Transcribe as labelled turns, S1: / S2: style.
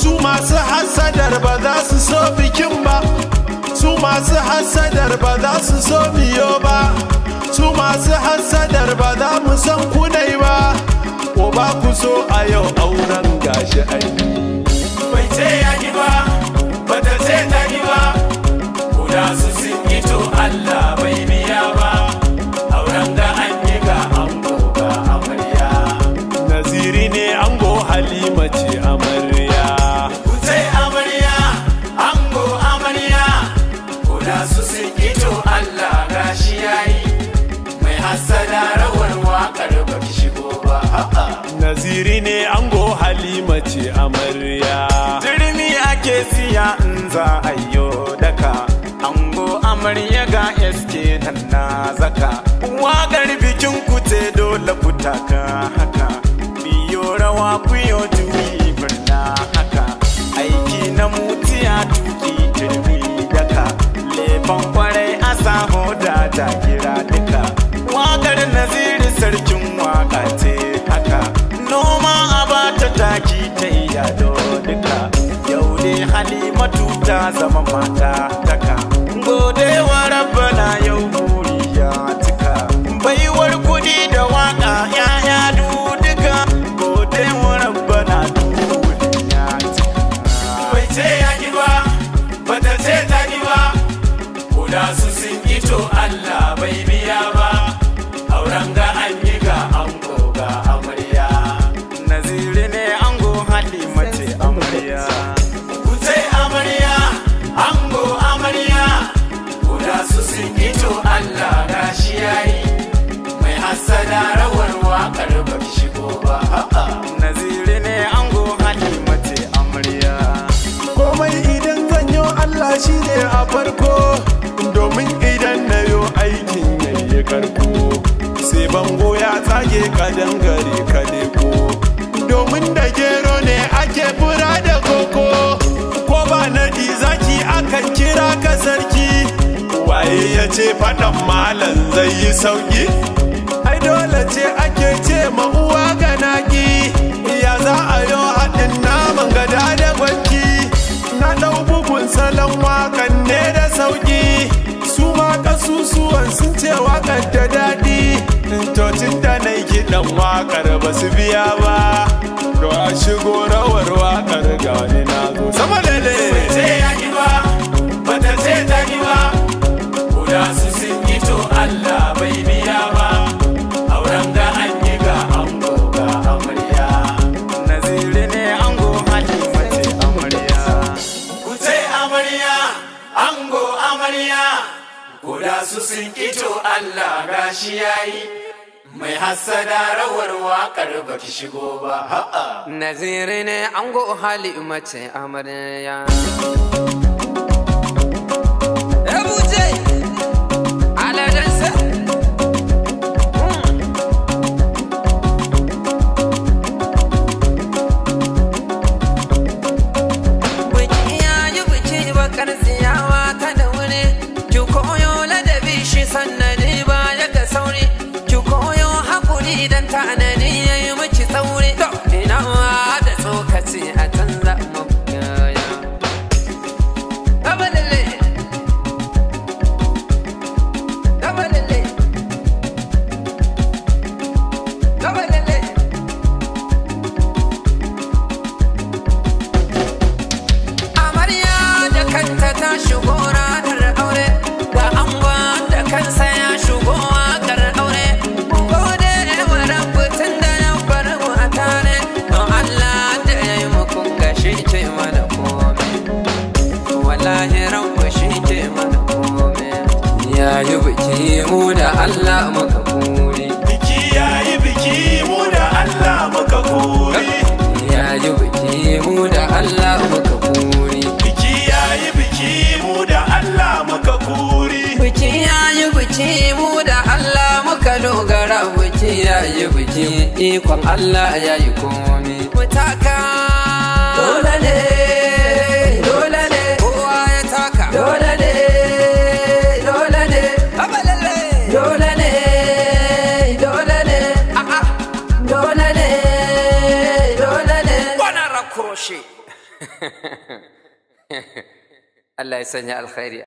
S1: Su masu hasadar ba za su so bikin ba. Su masu hasadar ba za su so miyo ba. Su masu hasadar ba za mu san kunai ba. Ko ba ku so a yau auren gashi ai. su sun ito Allah gashi yayi mai hassada rawar wakar ba shigo ba naziri ne ango halima ce amarya jirmi ake siya in za a daka ango amarya ga sk nan na zaka waƙar bikin ku ce dole ku taka haka biyo rawa kuyo ta kira duka naziri sarkin waka ce haka noma a bata taki ta iya duka yau ne halima tuta zama mata sanarawar rawar wakar ba ki shigo ba Nazire ne ango hali mace amarya komai idan zanyo allah shine a farko domin idan na yo aikin yayi karko sai bango ya tsage kadan gare ka ko domin da gero ne ake fura da koko ko ba nadi zaki akan kira ka sarki waye ya ce faɗan malam zai yi sauki waƙar ta daɗi tocin ta na gidan wakar ba su biya ba to a shigo rawar waƙar ga wani na zo sama da ne ce ya ki ba bata ce ta ki ba da su sun yi to Allah bai biya ba auren ga an yi ga ango ga amarya naziri ne ango hali mace amarya ku ce amarya ango amarya Koda su sun kito Allah gashi yayi. mai hassada rawar waƙar ba ki shigo ba
S2: Nazirin naziri ne an go hali mace amarya Allah maka kuri biki yayi biki mu da Allah maka kuri yayi biki mu da Allah maka kuri biki yayi biki mu da Allah maka kuri biki yayi biki mu da Allah maka dogara biki yayi biki ikon Allah yayi komi mutaka Allah ya sanya alkhairi